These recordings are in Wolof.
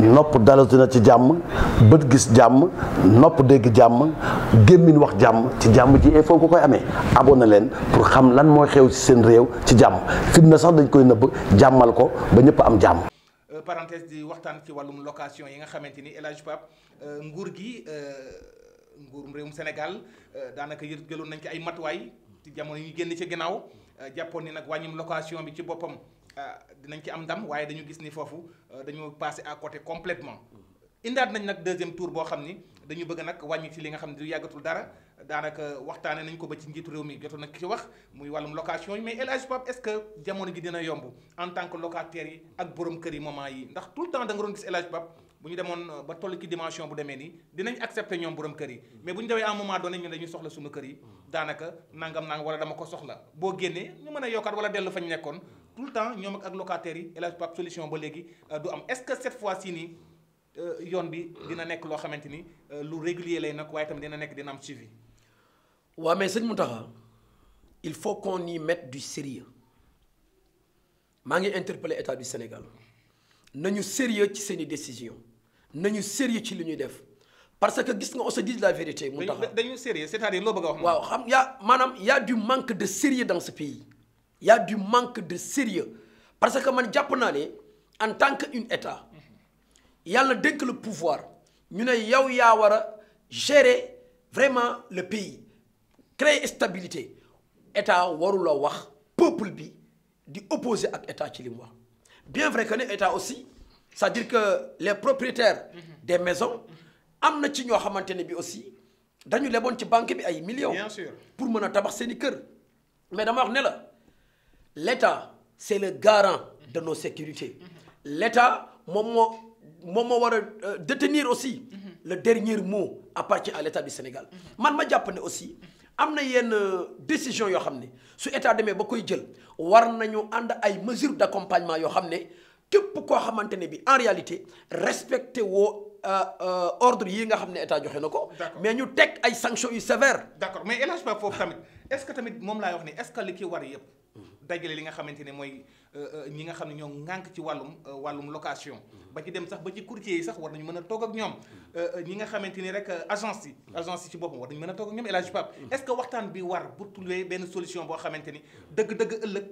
nopp dalatu na ci jàmm bët gis jàmm nopp dégg jàmm gémmiñ wax jàmm ci jàmm ji il faut nga koy amee abonné leen pour xam lan mooy xew ci seen réew ci jàmm fitna sax dañ koy nëbb jàmmal ko ba ñëpp am jàmm euh, parenthèse di waxtaan ci wàllum location yi nga xamante ni El Hadj Pape euh, nguur gi euh, nguurum réewum Sénégal daanaka yër jëloon nañ ci ay matuwaay ci jamono yi ñu génn ci gannaaw jàppoon ni nag wàññum location bi ci boppam Euh, dinañ ci am ndam waaye dañu gis ni foofu euh, dañu passé à côté complètement indaat nañ nag deuxième tour boo xam ni dañu bëgg nag wàññi ci li nga xam ne du yàggatul dara daanaka waxtaane nañ ko ba ci njiitu réew mi jotoon nag ci wax muy wàllum location yi mais El Hadj Pape est-ce que jamono gi dina yomb en tant que locataire yi ak borom kër yi moment yi ndax tout le temps da nga doon gis El Hadj bu ñu demoon euh, ba toll ci dimension bu demee nii dinañ accepté ñoom borom kër yi mais bu ñu demee à un moment donné ñu dañuy soxla suñu kër yi daanaka nangam nangam wala dama ko soxla boo génnee ñu mën a yokkaat wala dellu ñu nekkoon tout le temps ñoom ak locataires yi El solution ba léegi euh, du am est-ce que cette fois-ci nii euh, yoon bi dina nekk loo xamante ni lu régulier lay nag waaye tamit dina nekk dina am suivi. waaw mais mu Mountakha il faut qu'on y mette du sérieux maa ngi interpellé état du Sénégal nañu sérieux ci seeni décision nañu sérieux ci lu ñuy def parce que gis nga aussi dis la vérité. mu tax dañu sérieux c'est-à-dire loo bëgg a wax. waaw xam yaa maanaam y a du manque de sérieux dans ce pays y du manque de sérieux parce que man jàpp naa ne en tant que une état yàlla dénk le pouvoir ñu ne yow yaa war a gérer vraiment le pays créer stabilité état waruloo wax peuple bi di opposé ak état ci li mu wax bien vrai que ne état aussi. c'est-à-dire que les propriétaires mhm. des maisons mhm. am na ci ñoo xamante ne bi aussi dañu leboon ci banque bi ay millions bien sûr pour mën a tabax seeni i kër mais dama wax ne la l'État c'est le garant de nos sécurités mhm. l'État moom moo moom moo war a euh, détenir aussi le dernier mot appartient à l'État du Sénégal man ma jàpp ne aussi am na yenn euh, décision yoo xam ne su état demee ba koy jël war nañu ànd ay mesures d'accompagnement yoo xam ne képp koo xamante ne bi en réalité respecté woo euh, euh, ordre yi nga xam ne état joxe na ko. mais ñu teg ay sanctions yu sévères. d'accord mais El Hadj Ba tamit est-ce que tamit moom la wax ni est-ce que li ki war yëpp. dajale li nga xamante ne mooy euh, euh, ñi nga xam ne ñoo ŋànk ci wàllum euh, wàllum location mm-hmm. ba ci dem sax ba ci courtier yi sax war nañu mën a toog ak ñoom mm-hmm. ñi nga xamante ni rek agence yi mm-hmm. agence ci boppam war mën a toog ak ñoom El Hadj Pape est que waxtaan bi war pour trouver benn solution boo xamante ni dëgg-dëgg ëllëg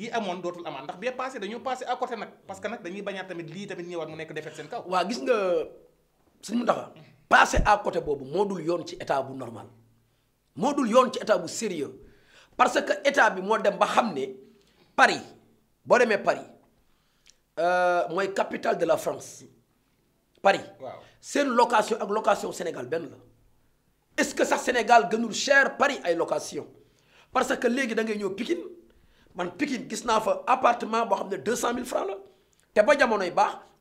yi amoon dootul amaat ndax bee passé dañoo passé à côté nag parce que nag dañuy bañaat tamit lii tamit ñëwaat mu nekk defet seen kaw waaw gis nga suñu ndaxa passé à côté boobu moo dul yoon ci état bu normal moo yoon ci état bu sérieux parce que état bi moo dem ba xam ne Paris boo demee Paris euh, mooy capital de la France Paris. waaw seen location ak location Sénégal benn la est-ce que sax Sénégal gënul cher Paris ay location parce que léegi da ngay ñëw Pikine man Pikine gis naa fa appartement boo xam ne cent 200000 francs la te ba jamonoy baax.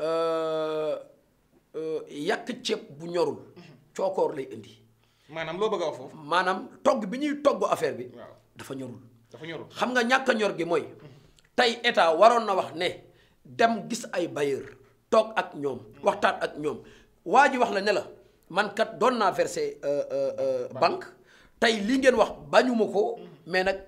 Euh, euh, yàq ceeb bu ñorul. cookoor lay indi. maanaam loo bëgg a wax foofu. maanaam togg bi ñuy togg affaire bi. dafa ñorul. dafa ñorul xam nga ñàkk a ñor gi mooy. tey état waroon na wax ne dem gis ay bailleur toog ak ñoom. waxtaan ak ñoom waa ji wax la ne la man kat doon naa verser euh, banque tey li ngeen wax bañuma ko. mais nag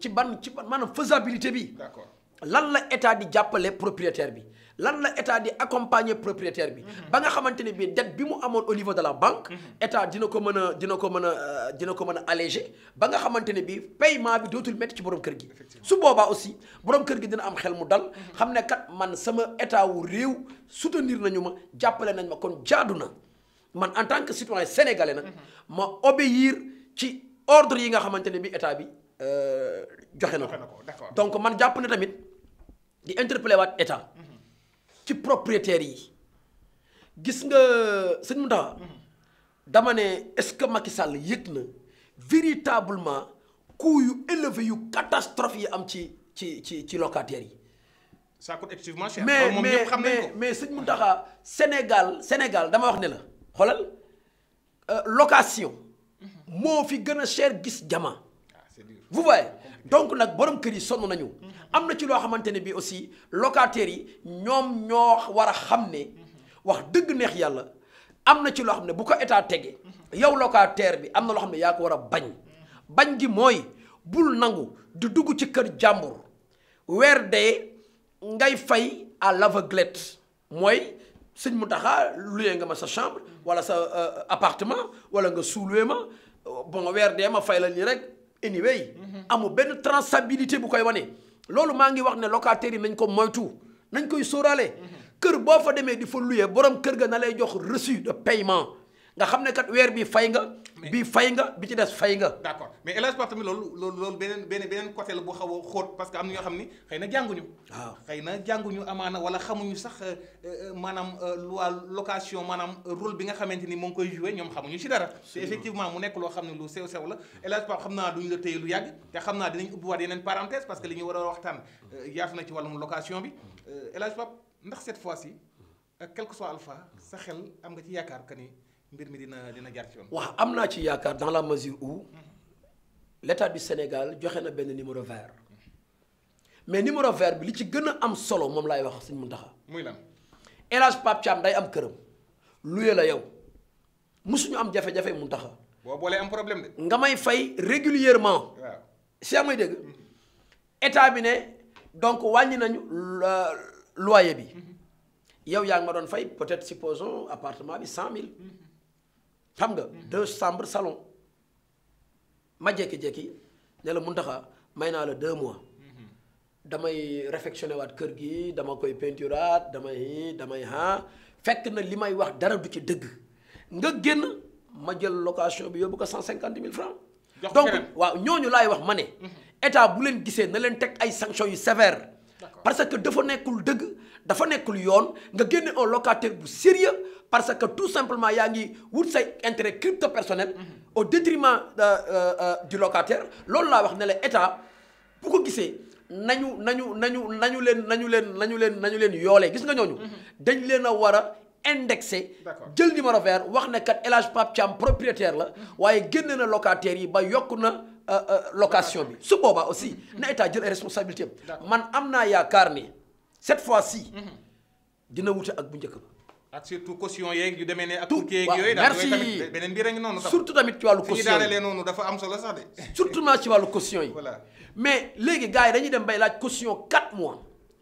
ci ban ci ban maanaam faisabilité bi. d'accord lan la état di jàppale propriétaire bi. lan la état di accompagner propriétaire bi. Mhm. ba nga xamante ne bii dette bi mu amoon au niveau de la banque. Mhm. état dina ko mën a dina ko mën a euh, dina ko mën a alléger ba nga xamante ne bii paiement bi dootul métti ci borom kër gi. su boobaa aussi borom kër gi dina am xel mu dal. Mhm. xam ne kat man sama état wu réew soutenir nañu ma jàppale nañ ma kon jaadu na man en tant que citoyen sénégalais nag. ma obéir ci ordre yi nga xamante ne bi état bi euh, joxe na ko. donc man jàpp ne tamit di interpeller waat état. ci propriétaires yi gis nga sëñ Mountakha dama ne est-ce que Macky Sall yëg na véritablement coût yu élevé yu catastrophe yi am ci ci ci ci locataires yi. ça coûte excessivement cher. mais mais mais mais sëñ Mountakha Sénégal Sénégal dama wax ne la xoolal euh, location. moo fi gën a cher gis jama. Ah, vous voyez donc nag borom kër yi sonn nañu. am na ci loo xamante ne bii aussi locataires yi ñoom ñoo war a xam ne wax dëgg neex yàlla am na ci loo xam ne bu ko état tege yow locataire bi am na loo xam ne yaa ko war a bañ bañ gi mooy bul nangu di dugg ci kër jàmbur weer dee ngay fay à glet mooy sëñ mu taxa luyee nga ma sa chambre wala sa euh, appartement wala nga suuluwee ma bon weer dee ma fay la lii rek anyway mhm. amul benn traçabilité bu koy wane loolu maa ngi wax ne locataires yi nañ ko moytu nañ koy sóoraale mhm. kër boo fa demee di fo luye borom kër ga na lay jox reçu de paiement nga xam ne kat weer bi fay nga. bi fay nga bi ci des fay nga. d' accord mais El Hadj Pape tamit loolu loolu loolu beneen beneen beneen côté la bu xaw a xóot parce que am ni xëy na jànguñu. waaw xëy na jànguñu amaana wala xamuñu sax euh, euh, maanaam euh, loi location maanaam rôle bi nga xamante ni moo koy joué ñoom xamuñu ci dara. te mu nekk loo xam ne lu sew sew la El te xam naa dinañ ubbiwaat yeneen parenthèse parce que a waxtaan yaatu na ci wàllum location ndax cette fois ci quel que soit alpha sa nga ci yaakaar que ni mbir mi dina dina jaar ci yoon. waaw am naa ci yaakaar dans la mesure où l'état du Sénégal joxe na benn numéro vert mais numéro vert bi li ci gën a am solo moom laay wax suñu Mountakha. muy lan El Hadj Pape day am këram. luye la yow musuñu am jafe-jafe Mountakha. boo boolee am problème de. nga may fay régulièrement. waaw si may dégg état bi ne donc wàññi nañu euh, loyer bi mm-hmm. yow yaa ngi ma doon fay peut-être supposons appartement bi cent mille. Mm-hmm. xam nga deux chambres salon ma jékki-jékki ne la Mountakha may naa la deux mois damay réfectionné waat kër gi dama koy peinturaat damay damay ah fekk na li may wax dara du ci dëgg nga génn ma jël location bi yóbbu ko cent cinquante mille francs donc waaw ñooñu laay wax ma ne mhm. état bu leen gisee na leen teg ay sanctions yu sévères parce que dafa nekkul dëgg dafa nekkul yoon nga génne on locateur bu sérieux parce que tout simplement yaa ngi wut say intérêt crypto personnel mm-hmm. au détriment euh, euh, euh, du locataire loolu laa wax ne la état bu ko gisee nañu nañu nañu nañu leen nañu leen nañu leen nañu leen yoolee gis nga ñooñu mm-hmm. dañ leen a war a indexé jël numéro vert wax ne kat El Hadj Pape Thiam propriétaire la mm-hmm. waaye génne na locataire yi ba yokk na Euh, euh, location bi su boobaa aussi na état jël ay man am naa yaakaar ni cette fois-ci mhm. dina wute ak bu njëkk ba ak surtout caution yeeg yu demee ne ak tukki yooyu daal merci beneen bi rek noonu tam surtout tamit ci wàllu caution yi noonu dafa am solo sax de surtout ci wàllu caution yi mais léegi gars yi dañuy dem bay laaj caution 4 mois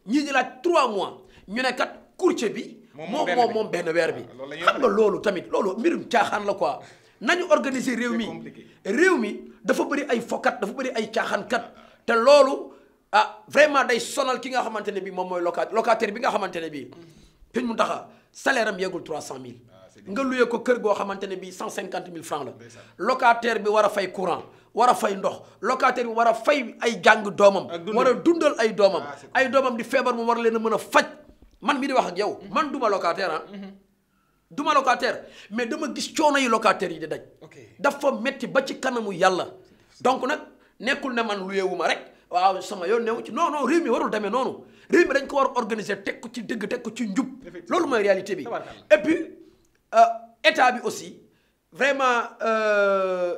ñii di trois mois ñu ne kat courtier bi moom moom moom benn weer bi xam nga loolu tamit loolu mbirum caaxaan la ko nañu organiser réew mi réew mi dafa bëri ay fokat dafa bëri ay caaxaankat te loolu ah vraiment day sonal ki nga xamante ne bii moom mooy loca bi nga xamante ne bii Serigne Mountakha salaire am yeegul cent mille ah, nga luyee ko kër goo xamante ne bii cent cinquante mille francs la locataire bi war a fay courant war a fay ndox locataire bi war a fay ay jàng doomam war a dundal ay doomam ah, ay doomam di feebar mu war leen a mën a faj man mii di wax ak yow mm-hmm. man duma locataire ah mm-hmm. duma locataire mais dama gis coono yi locataire yi di daj. dafa metti ba ci kanamu yàlla. donc nag nekkul ne man luyewu ma rek waaw sama yoon newu ci non non réew mi warul demee noonu réew mi dañ ko war organiser teg ko ci dëgg teg ko ci njub. loolu mooy réalité bi et puis euh, état bi aussi vraiment. Euh,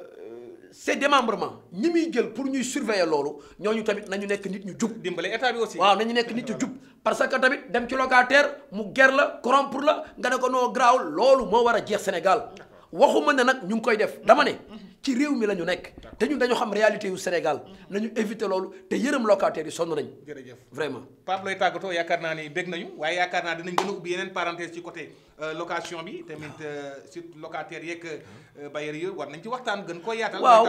ces démembrements ñi muy jël pour ñuy surveiller loolu ñooñu tamit nañu nekk nit ñu jub. dimbale état aussi. waaw nañu nekk nit ñu jub parce que tamit dem ci locataire mu ger la pour la nga ne ko noo garaawul loolu moo war a jeex Sénégal waxu ma ne nag ñu ngi koy def dama ne. ci réew mi la ñu nekk te ñun dañu xam réalité yu Sénégal mm-hmm. nañu éviter loolu te yërëm locataires yi sonn nañ jërëjëf vraiment Pape looy tàggatoo yaakaar naa ni bég nañu waaye yaakaar naa dinañ gën a ubbi yeneen parenthèse ci côté euh, location bi tamit ah. euh, surtout locataires yeeg euh, bailleurs yi war nañ ci waxtaan gën koo yaatal waaw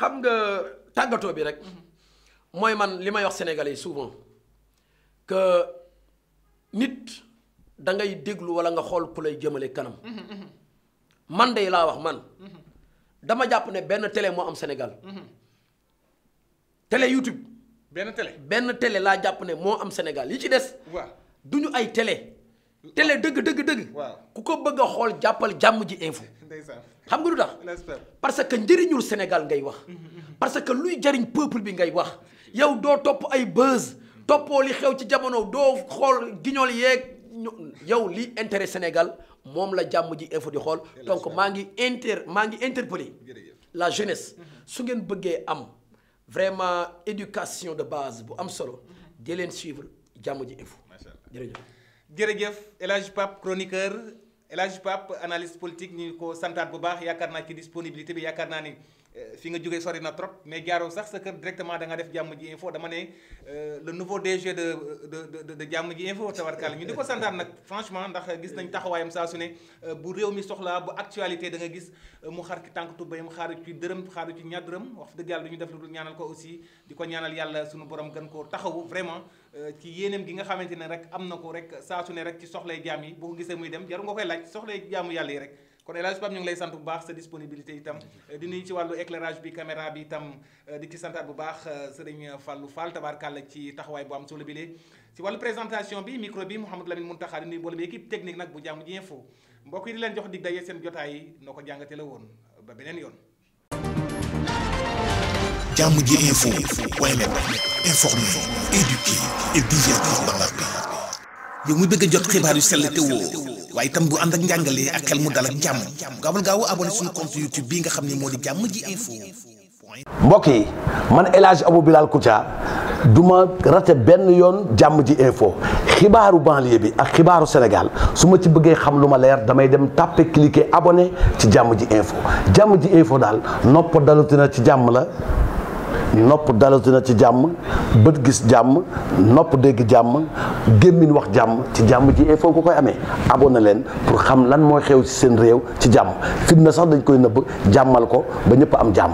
xam nga tàggatoo bi rek mm-hmm. mooy man li may wax sénégalais yi souvent que nit da ngay déglu wala nga xool ku lay jëmale kanam mm-hmm, man day laa wax man dama jàpp ne benn télé moo am Sénégal. Mhm. télé YouTube. benn télé benn télé laa jàpp ne moo am Sénégal yi ci des. waaw du ñu ay télé. télé dëgg dëgg dëgg. ku ko bëgg a xool jàppal jàmm ji info. xam nga lu tax parce que njëriñul Sénégal ngay wax. Mhm, mhm. parce que luy jariñ peuple bi ngay wax yow doo topp ay buzz toppoo li xew ci jamono doo xool guignol yeeg. ñu yow li intérêt Sénégal moom la jàmm ji info di xool donc maa ngi inter maa ngi interpeller la jeunesse mm-hmm. su ngeen bëggee am vraiment éducation de base bu am solo di leen suivre jàmm ji info jërëjëf jërëjëf El Pape chroniqueur El Hadj Pape analyste politique ñu ko santaat bu baax yaakaar naa ci disponibilité bi yaakaar naa ni Euh, fi nga jógee sori na trop mais jaaroo sax sa kër directement da nga def jàmm ji info dama ne euh, le nouveau des de de de jàmm ji info tabarkaal ñu di ko santaat nag franchement ndax gis nañ taxawaayam saa su ne euh, bu réew mi soxla bu actualité da nga gis mu xar ci tànk tubbayam xaaru ci dërëm xaaru ci ñaar dërëm wax dëgg du ñu def lu ñaanal ko aussi di ko ñaanal yàlla suñu borom gën ko taxawu vraiment ci yéeneem gi nga xamante ne rek am na ko rek saa su ne rek ci soxlay jaam yi boo gisee muy dem jaru nga koy laaj soxlay jaamu yàlla yi rek kon El Hadj Pape ñu ngi lay sant bu baax sa disponibilité itam di nuyu ci wàllu éclairage bi caméra bi itam euh, di ci santaat bu baax euh, sëriñ Fallou Fall tabaarkàlla ci taxawaay bu am solo bi lee ci wàllu présentation bi micro bi Mouhamadou Lamine Mountakha di nuyu boole bi équipe technique nag bu jàmm ji info mbokk yi di leen jox dig daje seen jotaay noo ko jàngate la woon ba beneen yoon jàmm ji info point net informer, éduquer et divertir dans yow mu bëgg a jot xibaar yu sell te woo bu ànd ak njàngalee ak xel mu dal ak jàmm gaawal nga xam ne moo di jàmm ji info. mbokk yi man El Hadj Abou Bilal Koutia du ma rate benn yoon jàmm ji info xibaaru banlieue bi ak xibaaru Sénégal su ma ci bëggee xam lu ma leer damay dem tàppe cliquer abone ci jàmm ji info jàmm ji info daal nopp dalutina ci jàmm la. nopp dalatu na ci jàmm bët gis jàmm nopp dégg jàmm gémmiñ wax jàmm ci jàmm ji il faut ko koy amee abonné leen pour xam lan mooy xew si seen réew ci jàmm fitna sax dañ koy nëbb jàmmal ko ba ñëpp am jàmm